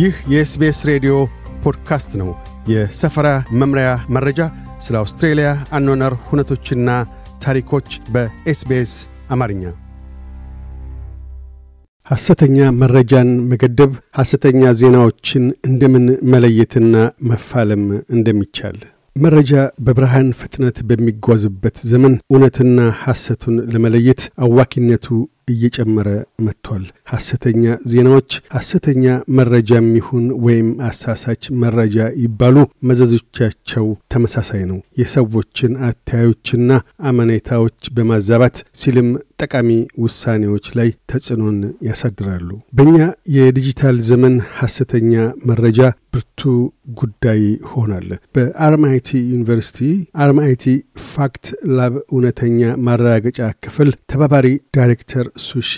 ይህ የኤስቤስ ሬዲዮ ፖድካስት ነው። የሰፈራ መምሪያ መረጃ፣ ስለ አውስትሬልያ አኗኗር ሁነቶችና ታሪኮች በኤስቤስ አማርኛ። ሐሰተኛ መረጃን መገደብ፣ ሐሰተኛ ዜናዎችን እንደምን መለየትና መፋለም እንደሚቻል መረጃ በብርሃን ፍጥነት በሚጓዝበት ዘመን እውነትና ሐሰቱን ለመለየት አዋኪነቱ እየጨመረ መጥቷል። ሐሰተኛ ዜናዎች፣ ሐሰተኛ መረጃም ይሁን ወይም አሳሳች መረጃ ይባሉ መዘዞቻቸው ተመሳሳይ ነው። የሰዎችን አታዮችና አመኔታዎች በማዛባት ሲልም ጠቃሚ ውሳኔዎች ላይ ተጽዕኖን ያሳድራሉ። በእኛ የዲጂታል ዘመን ሐሰተኛ መረጃ ብርቱ ጉዳይ ሆናል። በአርማይቲ ዩኒቨርሲቲ አርማይቲ ፋክት ላብ እውነተኛ ማረጋገጫ ክፍል ተባባሪ ዳይሬክተር ሱሺ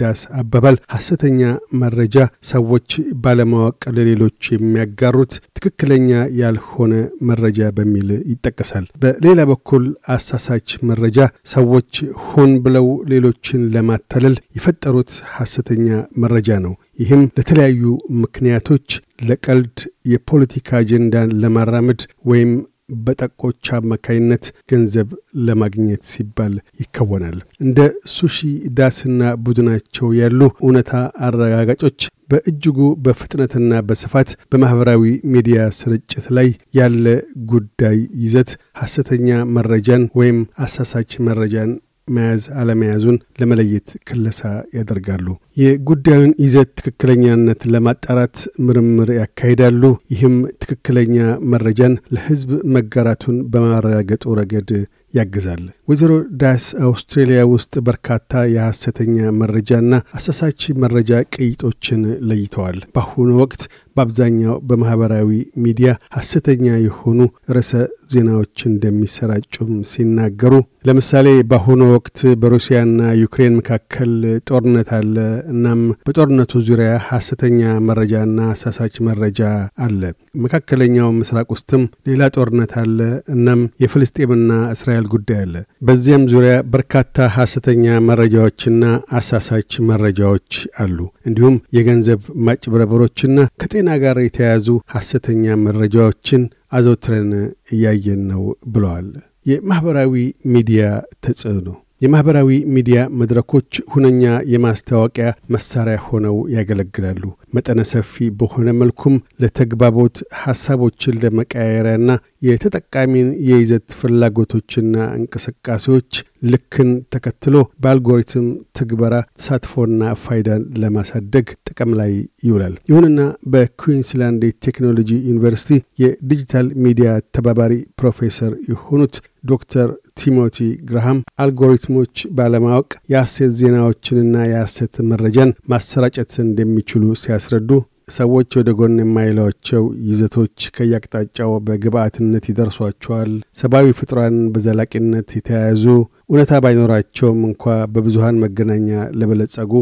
ዳስ አባባል ሐሰተኛ መረጃ ሰዎች ባለማወቅ ለሌሎች የሚያጋሩት ትክክለኛ ያልሆነ መረጃ በሚል ይጠቀሳል። በሌላ በኩል አሳሳች መረጃ ሰዎች ሆን ብለው ሌሎችን ለማታለል የፈጠሩት ሐሰተኛ መረጃ ነው። ይህም ለተለያዩ ምክንያቶች ለቀልድ የፖለቲካ አጀንዳን ለማራመድ ወይም በጠቆች አማካይነት ገንዘብ ለማግኘት ሲባል ይከወናል። እንደ ሱሺ ዳስና ቡድናቸው ያሉ እውነታ አረጋጋጮች በእጅጉ በፍጥነትና በስፋት በማኅበራዊ ሚዲያ ስርጭት ላይ ያለ ጉዳይ ይዘት ሐሰተኛ መረጃን ወይም አሳሳች መረጃን መያዝ አለመያዙን ለመለየት ክለሳ ያደርጋሉ። የጉዳዩን ይዘት ትክክለኛነት ለማጣራት ምርምር ያካሂዳሉ። ይህም ትክክለኛ መረጃን ለሕዝብ መጋራቱን በማረጋገጡ ረገድ ያግዛል። ወይዘሮ ዳስ አውስትሬሊያ ውስጥ በርካታ የሐሰተኛ መረጃና አሳሳች መረጃ ቅይጦችን ለይተዋል። በአሁኑ ወቅት በአብዛኛው በማኅበራዊ ሚዲያ ሐሰተኛ የሆኑ ርዕሰ ዜናዎች እንደሚሰራጩም ሲናገሩ ለምሳሌ በአሁኑ ወቅት በሩሲያና ዩክሬን መካከል ጦርነት አለ። እናም በጦርነቱ ዙሪያ ሐሰተኛ መረጃና አሳሳች መረጃ አለ። መካከለኛው ምስራቅ ውስጥም ሌላ ጦርነት አለ። እናም የፍልስጤምና እስራኤል ጉዳይ አለ። በዚያም ዙሪያ በርካታ ሐሰተኛ መረጃዎችና አሳሳች መረጃዎች አሉ። እንዲሁም የገንዘብ ማጭበረበሮችና ከጤና ጋር የተያያዙ ሐሰተኛ መረጃዎችን አዘውትረን እያየን ነው ብለዋል። የማኅበራዊ ሚዲያ ተጽዕኖ የማኅበራዊ ሚዲያ መድረኮች ሁነኛ የማስታወቂያ መሳሪያ ሆነው ያገለግላሉ። መጠነ ሰፊ በሆነ መልኩም ለተግባቦት ሐሳቦችን ለመቀያየሪያና የተጠቃሚን የይዘት ፍላጎቶችና እንቅስቃሴዎች ልክን ተከትሎ በአልጎሪትም ትግበራ ተሳትፎና ፋይዳን ለማሳደግ ጥቅም ላይ ይውላል። ይሁንና በኩዊንስላንድ ቴክኖሎጂ ዩኒቨርሲቲ የዲጂታል ሚዲያ ተባባሪ ፕሮፌሰር የሆኑት ዶክተር ቲሞቲ ግራሃም አልጎሪትሞች ባለማወቅ የሐሰት ዜናዎችንና የሐሰት መረጃን ማሰራጨት እንደሚችሉ ሲያስረዱ ሰዎች ወደ ጎን የማይሏቸው ይዘቶች ከየአቅጣጫው በግብአትነት ይደርሷቸዋል። ሰብአዊ ፍጥሯን በዘላቂነት የተያያዙ እውነታ ባይኖራቸውም እንኳ በብዙሃን መገናኛ ለበለጸጉ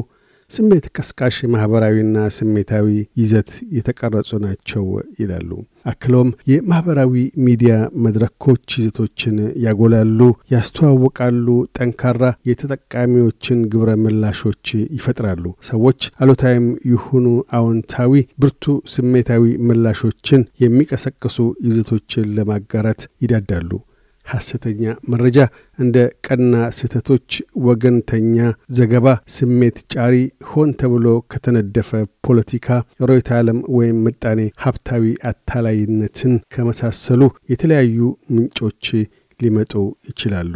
ስሜት ቀስቃሽ ማኅበራዊና ስሜታዊ ይዘት የተቀረጹ ናቸው ይላሉ። አክለውም የማኅበራዊ ሚዲያ መድረኮች ይዘቶችን ያጎላሉ፣ ያስተዋውቃሉ፣ ጠንካራ የተጠቃሚዎችን ግብረ ምላሾች ይፈጥራሉ። ሰዎች አሉታዊም ይሁኑ አዎንታዊ ብርቱ ስሜታዊ ምላሾችን የሚቀሰቅሱ ይዘቶችን ለማጋራት ይዳዳሉ። ሐሰተኛ መረጃ፣ እንደ ቀና ስህተቶች፣ ወገንተኛ ዘገባ፣ ስሜት ጫሪ፣ ሆን ተብሎ ከተነደፈ ፖለቲካ፣ ርዕዮተ ዓለም ወይም ምጣኔ ሀብታዊ አታላይነትን ከመሳሰሉ የተለያዩ ምንጮች ሊመጡ ይችላሉ።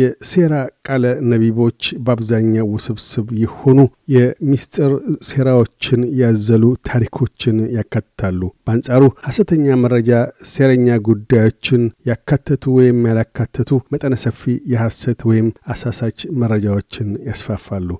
የሴራ ቃለ ነቢቦች በአብዛኛው ውስብስብ የሆኑ የሚስጥር ሴራዎችን ያዘሉ ታሪኮችን ያካትታሉ። በአንጻሩ ሐሰተኛ መረጃ ሴረኛ ጉዳዮችን ያካተቱ ወይም ያላካተቱ መጠነ ሰፊ የሐሰት ወይም አሳሳች መረጃዎችን ያስፋፋሉ።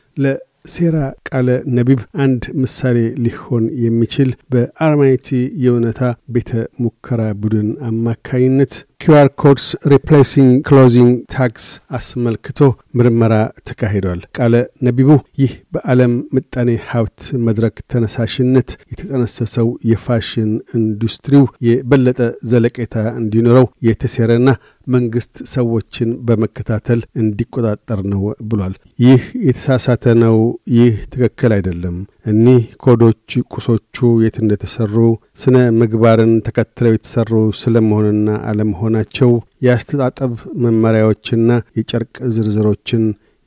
ሴራ ቃለ ነቢብ አንድ ምሳሌ ሊሆን የሚችል በአርማይቲ የእውነታ ቤተ ሙከራ ቡድን አማካይነት ኪዩአር ኮድስ ሪፕሌሲንግ ክሎዚንግ ታክስ አስመልክቶ ምርመራ ተካሂዷል። ቃለ ነቢቡ ይህ በዓለም ምጣኔ ሀብት መድረክ ተነሳሽነት የተጠነሰሰው የፋሽን ኢንዱስትሪው የበለጠ ዘለቄታ እንዲኖረው የተሴረና መንግስት ሰዎችን በመከታተል እንዲቆጣጠር ነው ብሏል። ይህ የተሳሳተ ነው። ይህ ትክክል አይደለም። እኒህ ኮዶች ቁሶቹ የት እንደተሰሩ ስነ ምግባርን ተከትለው የተሰሩ ስለመሆንና አለመሆናቸው የአስተጣጠብ መመሪያዎችና የጨርቅ ዝርዝሮችን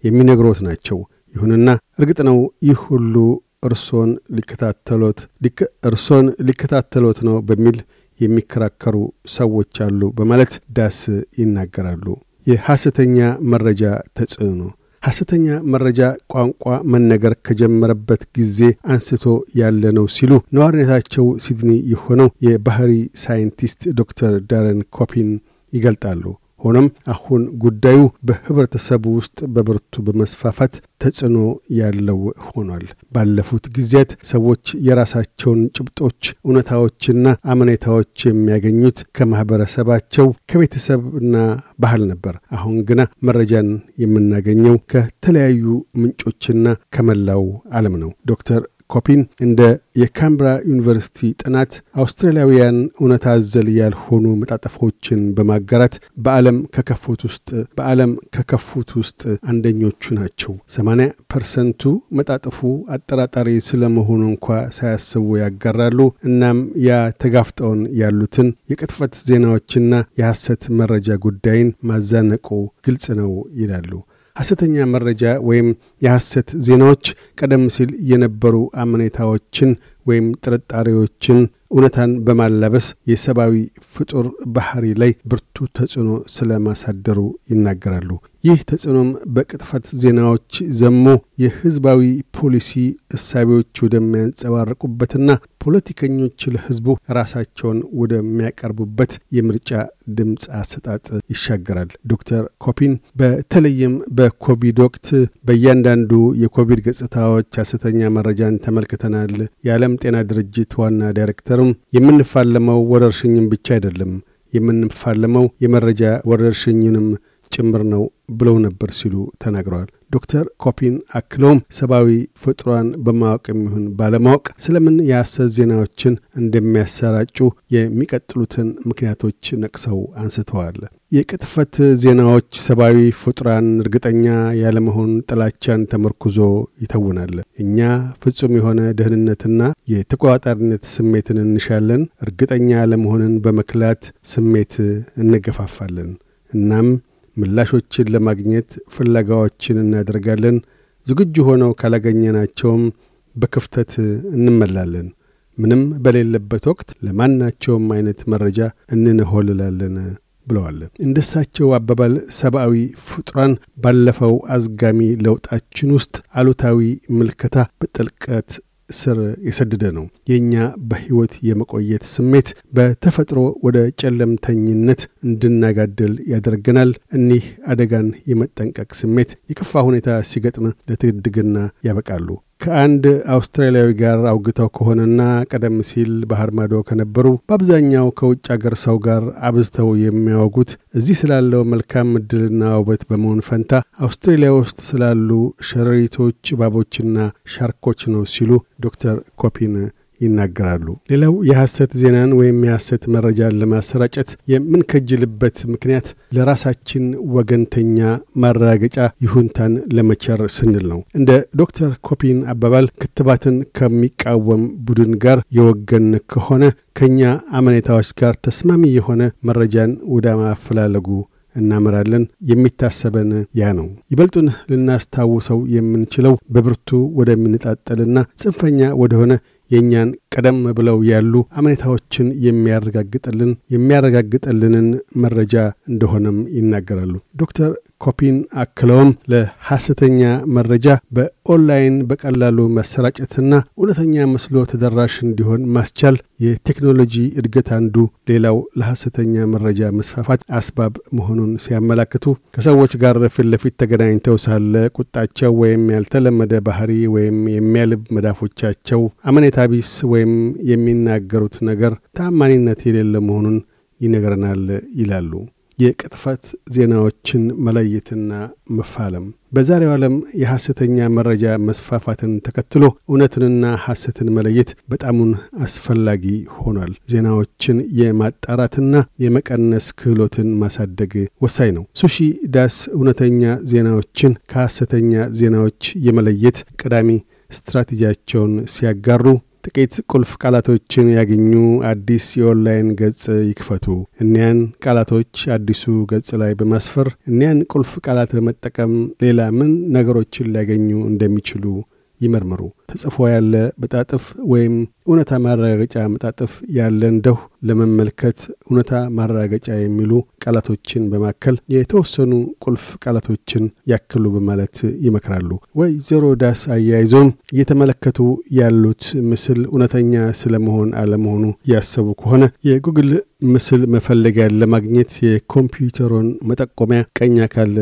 የሚነግሮት ናቸው። ይሁንና እርግጥ ነው ይህ ሁሉ እርሶን ሊከታተሎት እርሶን ሊከታተሎት ነው በሚል የሚከራከሩ ሰዎች አሉ በማለት ዳስ ይናገራሉ። የሐሰተኛ መረጃ ተጽዕኖ ሐሰተኛ መረጃ ቋንቋ መነገር ከጀመረበት ጊዜ አንስቶ ያለ ነው ሲሉ ነዋሪነታቸው ሲድኒ የሆነው የባህሪ ሳይንቲስት ዶክተር ዳረን ኮፒን ይገልጣሉ። ሆኖም አሁን ጉዳዩ በህብረተሰቡ ውስጥ በብርቱ በመስፋፋት ተጽዕኖ ያለው ሆኗል። ባለፉት ጊዜያት ሰዎች የራሳቸውን ጭብጦች፣ እውነታዎችና አመኔታዎች የሚያገኙት ከማኅበረሰባቸው ከቤተሰብና ባህል ነበር። አሁን ግና መረጃን የምናገኘው ከተለያዩ ምንጮችና ከመላው ዓለም ነው። ዶክተር ኮፒን እንደ የካምብራ ዩኒቨርሲቲ ጥናት አውስትራሊያውያን እውነት አዘል ያልሆኑ መጣጠፎችን በማጋራት በዓለም ከከፉት ውስጥ በዓለም ከከፉት ውስጥ አንደኞቹ ናቸው። 80 ፐርሰንቱ መጣጥፉ አጠራጣሪ ስለመሆኑ እንኳ ሳያስቡ ያጋራሉ። እናም ያ ተጋፍጠውን ያሉትን የቅጥፈት ዜናዎችና የሐሰት መረጃ ጉዳይን ማዛነቁ ግልጽ ነው ይላሉ። ሐሰተኛ መረጃ ወይም የሐሰት ዜናዎች ቀደም ሲል የነበሩ አመኔታዎችን ወይም ጥርጣሬዎችን እውነታን በማላበስ የሰብአዊ ፍጡር ባህሪ ላይ ብርቱ ተጽዕኖ ስለ ማሳደሩ ይናገራሉ። ይህ ተጽዕኖም በቅጥፈት ዜናዎች ዘሞ የህዝባዊ ፖሊሲ እሳቤዎች ወደሚያንጸባርቁበትና ፖለቲከኞች ለህዝቡ ራሳቸውን ወደሚያቀርቡበት የምርጫ ድምፅ አሰጣጥ ይሻገራል። ዶክተር ኮፒን በተለይም በኮቪድ ወቅት በእያንዳንዱ የኮቪድ ገጽታዎች አሰተኛ መረጃን ተመልክተናል። የዓለም ጤና ድርጅት ዋና ዳይሬክተርም የምንፋለመው ወረርሽኝም ብቻ አይደለም፣ የምንፋለመው የመረጃ ወረርሽኝንም ጭምር ነው ብለው ነበር ሲሉ ተናግረዋል። ዶክተር ኮፒን አክለውም ሰብአዊ ፍጥሯን በማወቅ የሚሆን ባለማወቅ ስለምን የሐሰት ዜናዎችን እንደሚያሰራጩ የሚቀጥሉትን ምክንያቶች ነቅሰው አንስተዋል። የቅጥፈት ዜናዎች ሰብአዊ ፍጡራን እርግጠኛ ያለመሆን ጥላቻን ተመርኩዞ ይተውናል። እኛ ፍጹም የሆነ ደህንነትና የተቆጣጣሪነት ስሜትን እንሻለን። እርግጠኛ ያለመሆንን በመክላት ስሜት እንገፋፋለን። እናም ምላሾችን ለማግኘት ፍለጋዎችን እናደርጋለን። ዝግጁ ሆነው ካላገኘናቸውም በክፍተት እንመላለን። ምንም በሌለበት ወቅት ለማናቸውም አይነት መረጃ እንንሆልላለን ብለዋል። እንደሳቸው አባባል ሰብአዊ ፍጡራን ባለፈው አዝጋሚ ለውጣችን ውስጥ አሉታዊ ምልከታ በጥልቀት ስር የሰደደ ነው። የእኛ በሕይወት የመቆየት ስሜት በተፈጥሮ ወደ ጨለምተኝነት እንድናጋድል ያደርገናል። እኒህ አደጋን የመጠንቀቅ ስሜት የከፋ ሁኔታ ሲገጥም ለትድግና ያበቃሉ። ከአንድ አውስትራሊያዊ ጋር አውግተው ከሆነና ቀደም ሲል ባህር ማዶ ከነበሩ በአብዛኛው ከውጭ አገር ሰው ጋር አብዝተው የሚያወጉት እዚህ ስላለው መልካም ምድልና ውበት በመሆን ፈንታ አውስትሬሊያ ውስጥ ስላሉ ሸረሪቶች፣ እባቦችና ሻርኮች ነው ሲሉ ዶክተር ኮፒን ይናገራሉ። ሌላው የሐሰት ዜናን ወይም የሐሰት መረጃን ለማሰራጨት የምንከጅልበት ምክንያት ለራሳችን ወገንተኛ ማረጋገጫ ይሁንታን ለመቸር ስንል ነው። እንደ ዶክተር ኮፒን አባባል ክትባትን ከሚቃወም ቡድን ጋር የወገን ከሆነ ከእኛ አመኔታዎች ጋር ተስማሚ የሆነ መረጃን ወደ ማፈላለጉ እናመራለን። የሚታሰበን ያ ነው። ይበልጡን ልናስታውሰው የምንችለው በብርቱ ወደሚንጣጠልና ጽንፈኛ ወደሆነ የእኛን ቀደም ብለው ያሉ አመኔታዎችን የሚያረጋግጥልን የሚያረጋግጥልንን መረጃ እንደሆነም ይናገራሉ ዶክተር ኮፒን አክለውም ለሐሰተኛ መረጃ በኦንላይን በቀላሉ መሰራጨትና እውነተኛ መስሎ ተደራሽ እንዲሆን ማስቻል የቴክኖሎጂ እድገት አንዱ ሌላው ለሐሰተኛ መረጃ መስፋፋት አስባብ መሆኑን ሲያመላክቱ ከሰዎች ጋር ፊት ለፊት ተገናኝተው ሳለ ቁጣቸው ወይም ያልተለመደ ባህሪ ወይም የሚያልብ መዳፎቻቸው አመኔታቢስ ወይም የሚናገሩት ነገር ታማኒነት የሌለ መሆኑን ይነግረናል ይላሉ። የቅጥፈት ዜናዎችን መለየትና መፋለም በዛሬው ዓለም የሐሰተኛ መረጃ መስፋፋትን ተከትሎ እውነትንና ሐሰትን መለየት በጣሙን አስፈላጊ ሆኗል። ዜናዎችን የማጣራትና የመቀነስ ክህሎትን ማሳደግ ወሳኝ ነው። ሱሺ ዳስ እውነተኛ ዜናዎችን ከሐሰተኛ ዜናዎች የመለየት ቀዳሚ ስትራቴጂያቸውን ሲያጋሩ ጥቂት ቁልፍ ቃላቶችን ያገኙ አዲስ የኦንላይን ገጽ ይክፈቱ። እኒያን ቃላቶች አዲሱ ገጽ ላይ በማስፈር እኒያን ቁልፍ ቃላት በመጠቀም ሌላ ምን ነገሮችን ሊያገኙ እንደሚችሉ ይመርምሩ። ተጽፎ ያለ መጣጥፍ ወይም እውነታ ማረጋገጫ መጣጥፍ ያለ እንደሁ ለመመልከት እውነታ ማረጋገጫ የሚሉ ቃላቶችን በማከል የተወሰኑ ቁልፍ ቃላቶችን ያክሉ በማለት ይመክራሉ። ወይዘሮ ዳስ አያይዞም እየተመለከቱ ያሉት ምስል እውነተኛ ስለመሆን አለመሆኑ ያሰቡ ከሆነ የጉግል ምስል መፈለጊያን ለማግኘት የኮምፒውተሮን መጠቆሚያ ቀኝ አካል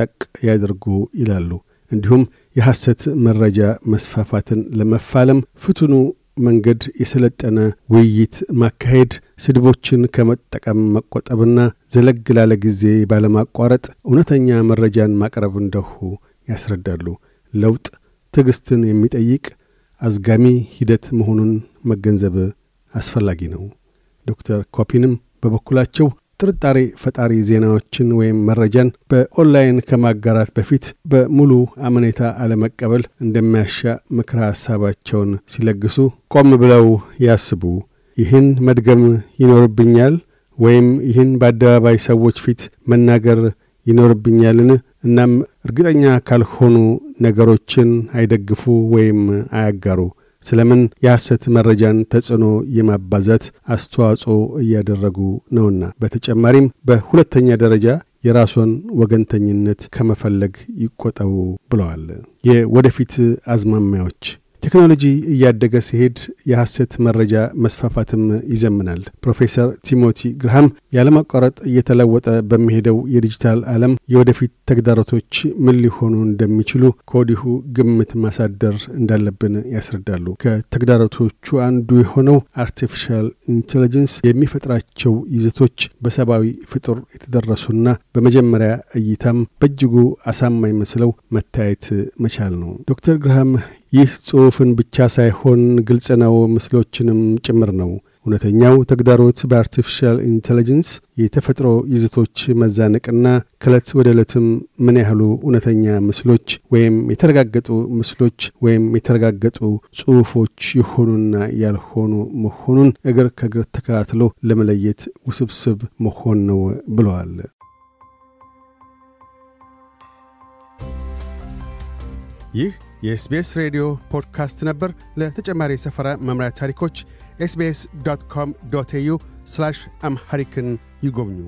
ጠቅ ያደርጉ ይላሉ። እንዲሁም የሐሰት መረጃ መስፋፋትን ለመፋለም ፍቱኑ መንገድ የሰለጠነ ውይይት ማካሄድ፣ ስድቦችን ከመጠቀም መቆጠብና ዘለግ ላለ ጊዜ ባለማቋረጥ እውነተኛ መረጃን ማቅረብ እንደሁ ያስረዳሉ። ለውጥ ትዕግስትን የሚጠይቅ አዝጋሚ ሂደት መሆኑን መገንዘብ አስፈላጊ ነው። ዶክተር ኮፒንም በበኩላቸው ጥርጣሬ ፈጣሪ ዜናዎችን ወይም መረጃን በኦንላይን ከማጋራት በፊት በሙሉ አመኔታ አለመቀበል እንደሚያሻ ምክረ ሐሳባቸውን ሲለግሱ ቆም ብለው ያስቡ። ይህን መድገም ይኖርብኛል ወይም ይህን በአደባባይ ሰዎች ፊት መናገር ይኖርብኛልን? እናም እርግጠኛ ካልሆኑ ነገሮችን አይደግፉ ወይም አያጋሩ። ስለምን የሐሰት መረጃን ተጽዕኖ የማባዛት አስተዋጽኦ እያደረጉ ነውና። በተጨማሪም በሁለተኛ ደረጃ የራስዎን ወገንተኝነት ከመፈለግ ይቆጠቡ ብለዋል። የወደፊት አዝማሚያዎች ቴክኖሎጂ እያደገ ሲሄድ የሐሰት መረጃ መስፋፋትም ይዘምናል። ፕሮፌሰር ቲሞቲ ግርሃም ያለማቋረጥ እየተለወጠ በሚሄደው የዲጂታል ዓለም የወደፊት ተግዳሮቶች ምን ሊሆኑ እንደሚችሉ ከወዲሁ ግምት ማሳደር እንዳለብን ያስረዳሉ። ከተግዳሮቶቹ አንዱ የሆነው አርቲፊሻል ኢንቴሊጀንስ የሚፈጥራቸው ይዘቶች በሰብአዊ ፍጡር የተደረሱና በመጀመሪያ እይታም በእጅጉ አሳማኝ መስለው መታየት መቻል ነው። ዶክተር ግርሃም ይህ ጽሑፍን ብቻ ሳይሆን ግልጽ ነው፣ ምስሎችንም ጭምር ነው። እውነተኛው ተግዳሮት በአርቲፊሻል ኢንቴሊጀንስ የተፈጥሮ ይዘቶች መዛነቅና ከእለት ወደ ዕለትም ምን ያህሉ እውነተኛ ምስሎች ወይም የተረጋገጡ ምስሎች ወይም የተረጋገጡ ጽሑፎች የሆኑና ያልሆኑ መሆኑን እግር ከእግር ተከታትሎ ለመለየት ውስብስብ መሆን ነው ብለዋል። ይህ የኤስቤስ ሬዲዮ ፖድካስት ነበር። ለተጨማሪ ሰፈራ መምሪያ ታሪኮች ኤስቤስ ዶት ኮም ዶት ኤዩ አምሐሪክን ይጎብኙ።